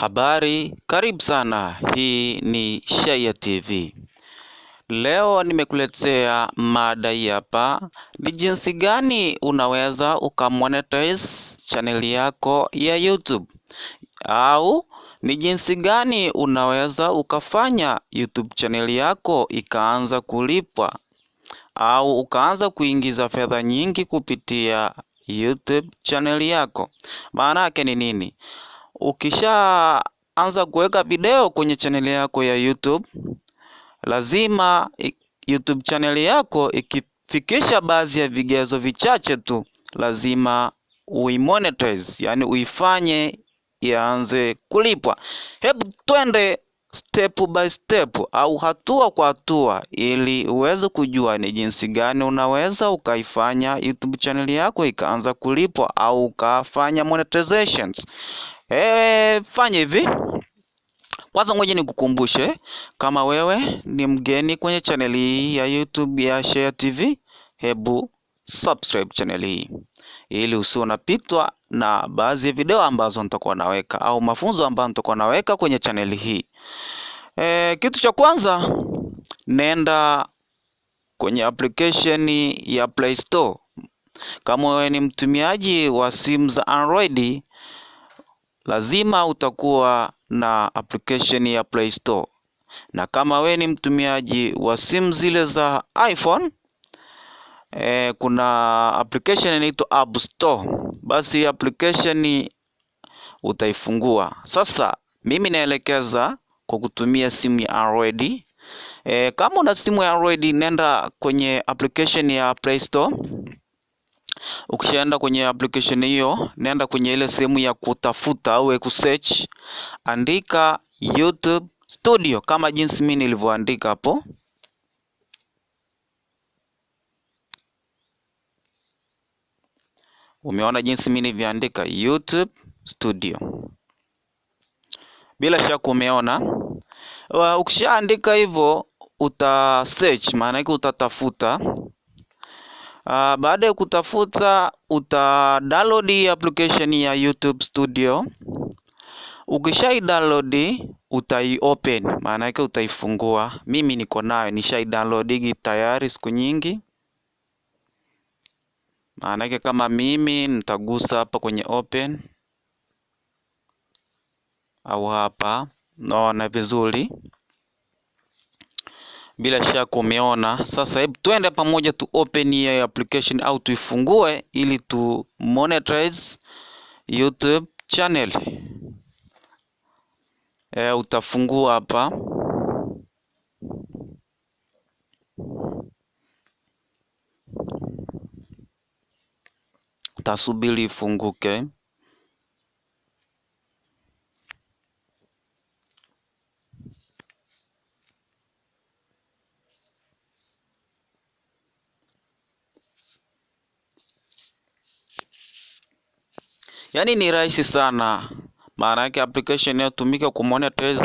Habari, karibu sana. Hii ni Shayia TV. Leo nimekuletea mada hapa, ni jinsi gani unaweza ukamonetize chaneli yako ya YouTube, au ni jinsi gani unaweza ukafanya YouTube chaneli yako ikaanza kulipwa au ukaanza kuingiza fedha nyingi kupitia YouTube channel yako. Maana yake ni nini? Ukishaanza kuweka video kwenye channel yako ya YouTube, lazima YouTube channel yako ikifikisha baadhi ya vigezo vichache tu, lazima uimonetize, yani uifanye ianze kulipwa. Hebu twende step by step au hatua kwa hatua ili uweze kujua ni jinsi gani unaweza ukaifanya YouTube channel yako ikaanza kulipwa au ukafanya monetizations. E, eh, fanye hivi. Kwanza ngoja nikukumbushe, kama wewe ni mgeni kwenye chaneli hii ya YouTube ya Shayia TV, hebu subscribe channel hii ili usio unapitwa na baadhi ya video ambazo nitakuwa naweka au mafunzo ambayo nitakuwa naweka kwenye chaneli hii. E, kitu cha kwanza nenda kwenye application ya Play Store. Kama wewe ni mtumiaji wa simu za Android, lazima utakuwa na application ya Play Store, na kama we ni mtumiaji wa simu zile za iPhone, e, kuna application inaitwa App Store basi application utaifungua. Sasa mimi naelekeza kwa kutumia simu ya Android. E, kama una simu ya Android nenda kwenye application ya Play Store. Ukishaenda kwenye application hiyo, nenda kwenye ile sehemu ya kutafuta au kusearch, andika YouTube Studio kama jinsi mimi nilivyoandika hapo. Umeona jinsi mimi nilivyoandika YouTube Studio. Bila shaka umeona. Ukishaandika hivyo uta search, maana yake utatafuta. Uh, baada ya kutafuta uta download hii application ya YouTube Studio. Ukishai download utai open, maana yake utaifungua. Mimi niko nayo nishai download tayari siku nyingi. Maanake kama mimi nitagusa hapa kwenye open au hapa, naona vizuri bila shaka umeona. Sasa hebu tuende pamoja tu open hiyo application au tuifungue ili tu monetize YouTube channel. E, utafungua hapa Nitasubiri ifunguke yaani ni rahisi sana maana yake application inayotumika kumonetize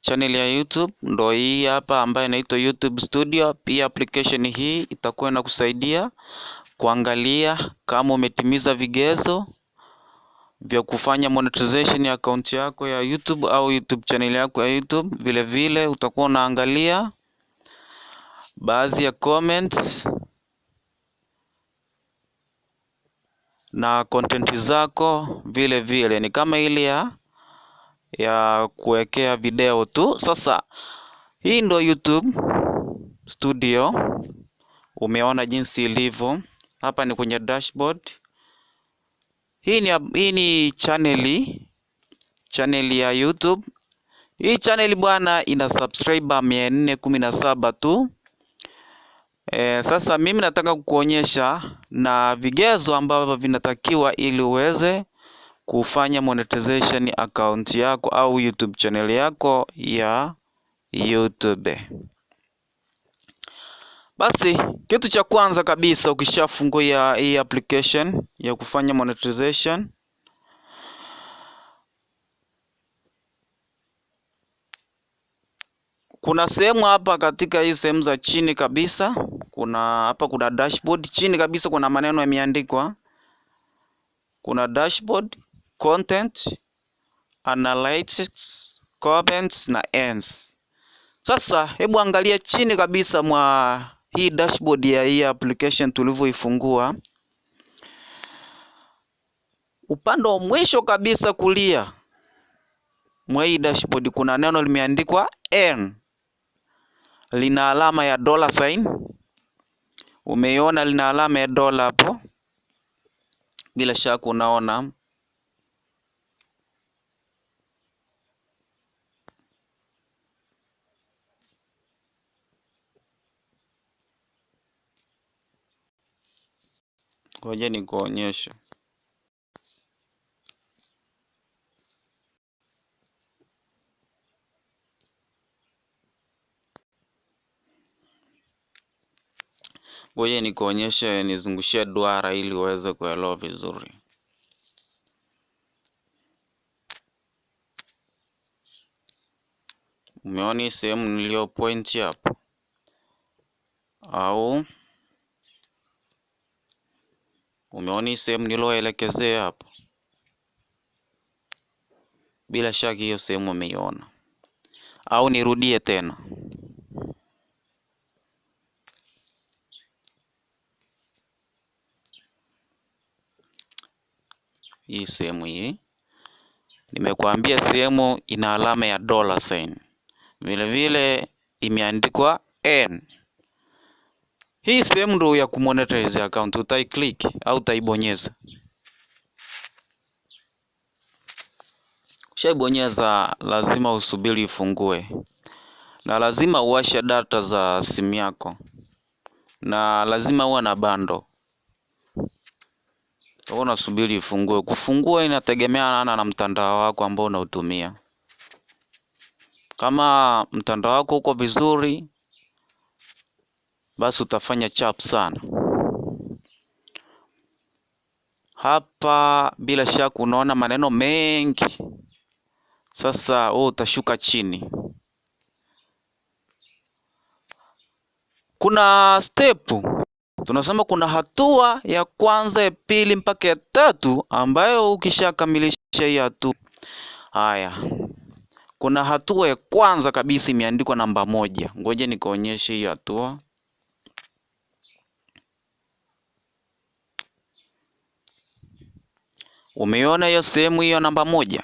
channel ya YouTube ndo hii hapa ambayo inaitwa YouTube Studio. Pia application hii itakuwa inakusaidia kuangalia kama umetimiza vigezo vya kufanya monetization ya account yako ya YouTube au YouTube channel yako ya YouTube. Vile vile utakuwa unaangalia baadhi ya comments na content zako vile vile, ni kama ile ya ya kuwekea video tu. Sasa hii ndio YouTube Studio, umeona jinsi ilivyo. Hapa ni kwenye dashboard. Hii ni, hii ni chaneli channel ya YouTube. Hii chaneli bwana ina subscriber mia nne kumi na saba tu. E, sasa mimi nataka kukuonyesha na vigezo ambavyo vinatakiwa ili uweze kufanya monetization account yako au YouTube channel yako ya YouTube. Basi kitu cha kwanza kabisa ukishafungua hii application ya kufanya monetization kuna sehemu hapa katika hii sehemu za chini kabisa, kuna hapa, kuna dashboard chini kabisa, kuna maneno yameandikwa, kuna dashboard, content, analytics, comments na ends. Sasa hebu angalia chini kabisa mwa hii dashboard ya hii application tulivyoifungua, upande wa mwisho kabisa kulia mwa hii dashboard kuna neno limeandikwa n lina alama ya dollar sign. Umeiona lina alama ya dola hapo, bila shaka unaona. Ngoja nikuonyeshe. Ngoja nikuonyeshe, nizungushie duara ili uweze kuelewa vizuri. Umeona sehemu niliyo point hapo au Umeona hii sehemu niloelekezea hapo? Bila shaka hiyo sehemu umeiona, au nirudie tena? Hii sehemu hii nimekuambia sehemu ina alama ya dollar sign, vile imeandikwa N. Hii sehemu ndio ya kumonetize account, utai click au utaibonyeza. Ushaibonyeza lazima usubiri ifungue, na lazima uwashe data za simu yako, na lazima uwe na bando. Unasubiri ifungue. Kufungua inategemeana na mtandao wako ambao unautumia. Kama mtandao wako uko vizuri basi utafanya chap sana. Hapa bila shaka unaona maneno mengi, sasa wewe utashuka chini. Kuna step tunasema, kuna hatua ya kwanza, ya pili mpaka ya tatu, ambayo ukishakamilisha hii hatua haya kuna hatua ya kwanza kabisa imeandikwa namba moja. Ngoja nikuonyeshe hii hatua. Umeiona hiyo sehemu hiyo namba moja,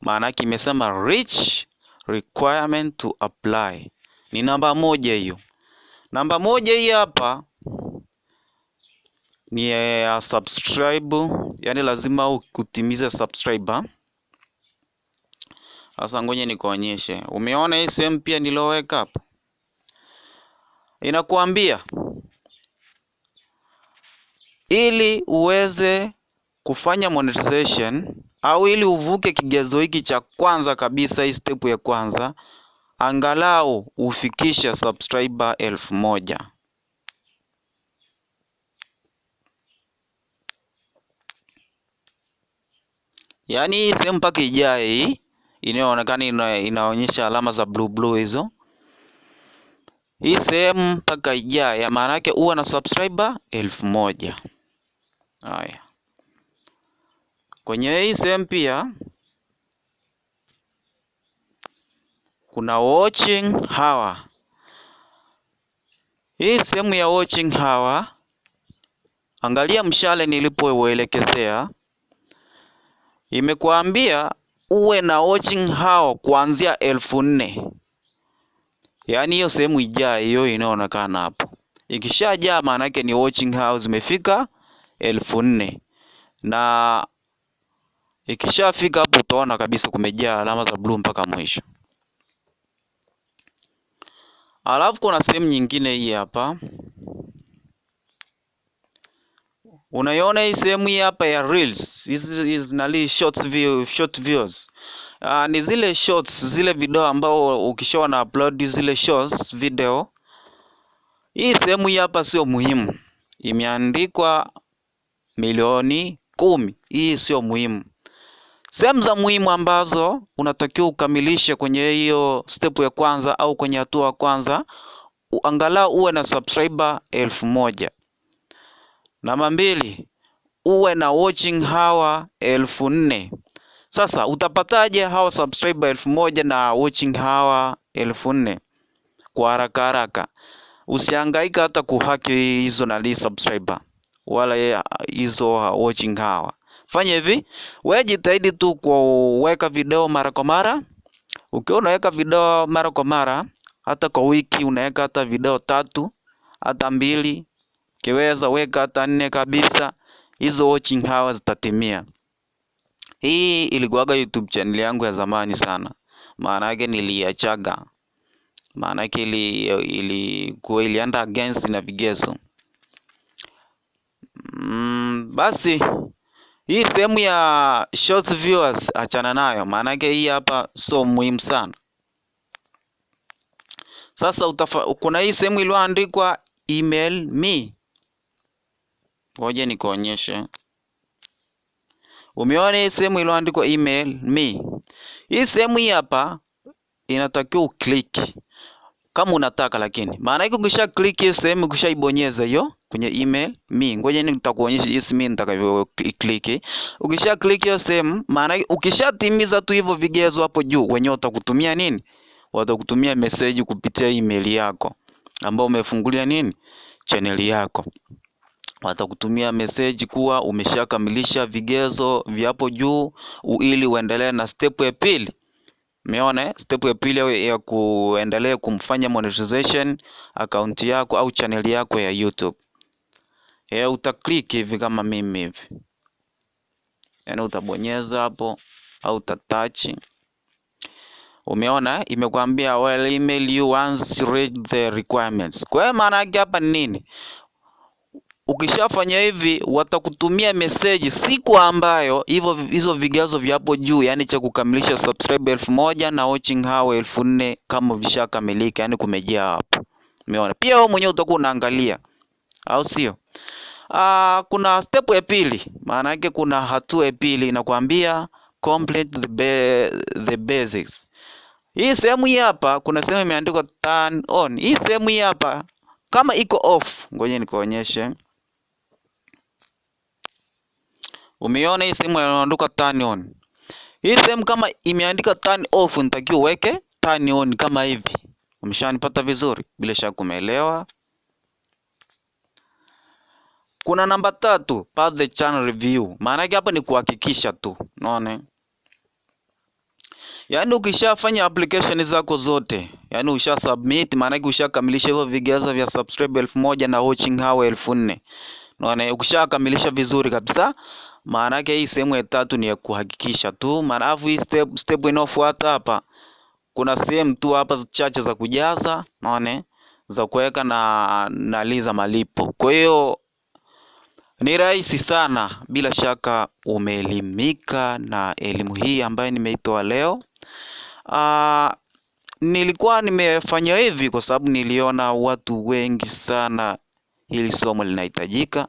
maanake imesema reach requirement to apply, ni namba moja hiyo. Namba moja hii hapa ni ya subscribe, yani lazima ukutimize subscriber. Sasa ngoja nikuonyeshe. Umeona hii sehemu pia niloweka hapo, inakuambia ili uweze kufanya monetization au ili uvuke kigezo hiki cha kwanza kabisa, hii step ya kwanza, angalau ufikisha subscriber elfu moja. Yaani hii sehemu mpaka ijae hii inayoonekana ina, inaonyesha alama za blue blue hizo, hii sehemu mpaka ijae, maana yake uwe na subscriber elfu moja. Haya. Kwenye hii sehemu pia kuna watching hour. Hii sehemu ya watching hour, angalia mshale nilipouelekezea, imekuambia uwe na watching hour kuanzia elfu nne yaani hiyo sehemu ijaa hiyo inayoonekana hapo. Ikishajaa maana yake ni watching hour zimefika elfu nne na Ikishafika hapo utaona kabisa kumejaa alama za bluu mpaka mwisho. Alafu kuna sehemu nyingine hii hapa, unaiona hii sehemu hii hapa ya reels, hizi zinali shorts view, short views. Uh, ni zile shorts zile video ambao ukishawa na upload zile shorts video. Hii sehemu hii hapa sio muhimu, imeandikwa milioni kumi. Hii sio muhimu sehemu za muhimu ambazo unatakiwa ukamilishe kwenye hiyo step ya kwanza au kwenye hatua ya kwanza, angalau uwe na subscriber elfu moja. Namba mbili, uwe na watching hour elfu nne. Sasa utapataje hawa subscriber elfu moja na watching hour elfu nne kwa haraka haraka? Usihangaika hata kuhaki hizo nali subscriber wala hizo watching hour fanya hivi, wewe jitahidi tu kuweka video mara kwa mara. Ukiwa unaweka video mara kwa mara, hata kwa wiki unaweka hata video tatu, hata mbili, ukiweza weka hata nne kabisa, hizo watching hours zitatimia. Hii ilikuwaga YouTube channel yangu ya zamani sana, maana yake niliachaga, maana yake ili ilikuwa ilienda against na vigezo. Mm, basi hii sehemu ya short viewers achana nayo, maana yake hii hapa sio muhimu sana. Sasa utafa, kuna hii sehemu iliyoandikwa email me. Ngoja nikuonyeshe. Umeona hii sehemu iliyoandikwa email me. Hii sehemu hii hapa inatakiwa ukliki kama unataka, lakini maana yake ukisha click hiyo sehemu ukishaibonyeza hiyo kwenye email mi. Ngoja ni nitakuonyesha jinsi mi nitakavyo kliki. Ukisha click hiyo sehemu, maana ukishatimiza tu hivyo vigezo hapo juu, wenyewe watakutumia nini? Watakutumia message kupitia email yako ambao umefungulia nini channel yako watakutumia message kuwa umeshakamilisha vigezo vya hapo juu ili uendelee na step ya pili. Umeona step ya pili ya kuendelea kumfanya monetization account yako au channel yako ya YouTube e, utaklik hivi kama mimi hivi, yaani utabonyeza hapo au utatachi. Umeona imekwambia well email you once read the requirements. Kwa hiyo maana yake hapa ni nini? Ukishafanya hivi watakutumia meseji siku ambayo hivyo hizo vigezo vya hapo juu, yani cha kukamilisha subscribe elfu moja na watching hour elfu nne kama vishakamilika, yani kumejaa hapo. Umeona pia wewe mwenyewe utakuwa unaangalia au sio? Uh, kuna step ya pili, maana yake kuna hatua ya pili inakwambia complete the, ba the basics. Hii sehemu hii hapa kuna sehemu imeandikwa turn on. Hii sehemu hii hapa kama iko off, ngoja nikuonyeshe. Umeona hii sehemu imeandikwa turn on. Hii sehemu kama imeandika turn off, nitakiwa uweke turn on kama hivi. Umeshanipata vizuri? Bila shaka umeelewa. Kuna namba tatu, pass the channel review. Maana yake hapa ni kuhakikisha tu, unaona? Yaani ukishafanya application zako zote, yaani usha submit, maana yake ushakamilisha hivyo vigezo vya subscribe elfu moja na watching hour elfu nne. Unaona, ukishakamilisha vizuri kabisa, maana yake hii sehemu ya tatu ni ya kuhakikisha tu. Maana alafu hii step step inayofuata hapa kuna sehemu tu hapa chache za kujaza, unaona? Za kuweka na naliza malipo. Kwa hiyo ni rahisi sana, bila shaka umeelimika na elimu hii ambayo nimeitoa leo. Aa, ah, nilikuwa nimefanya hivi kwa sababu niliona watu wengi sana hili somo linahitajika.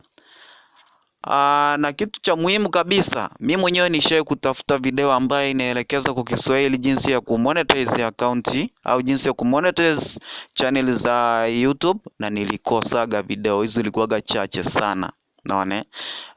Aa, ah, na kitu cha muhimu kabisa, mi mwenyewe nishai kutafuta video ambayo inaelekeza kwa Kiswahili jinsi ya kumonetize account au jinsi ya kumonetize channel za YouTube na nilikosaga video hizo, ilikuwaga chache sana. Naone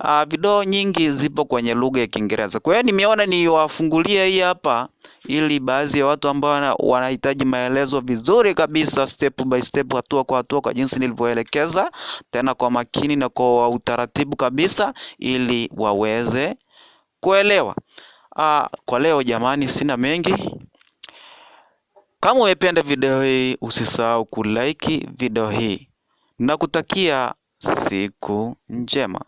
uh, ah, video nyingi zipo kwenye lugha ya Kiingereza. Kwa hiyo nimeona niwafungulie hii hapa, ili baadhi ya watu ambao wanahitaji maelezo vizuri kabisa, step by step, hatua kwa hatua, kwa jinsi nilivyoelekeza, tena kwa makini na kwa utaratibu kabisa, ili waweze kuelewa. Uh, kwa leo jamani, sina mengi. Kama umependa video hii, usisahau kulike video hii. Nakutakia seco, llama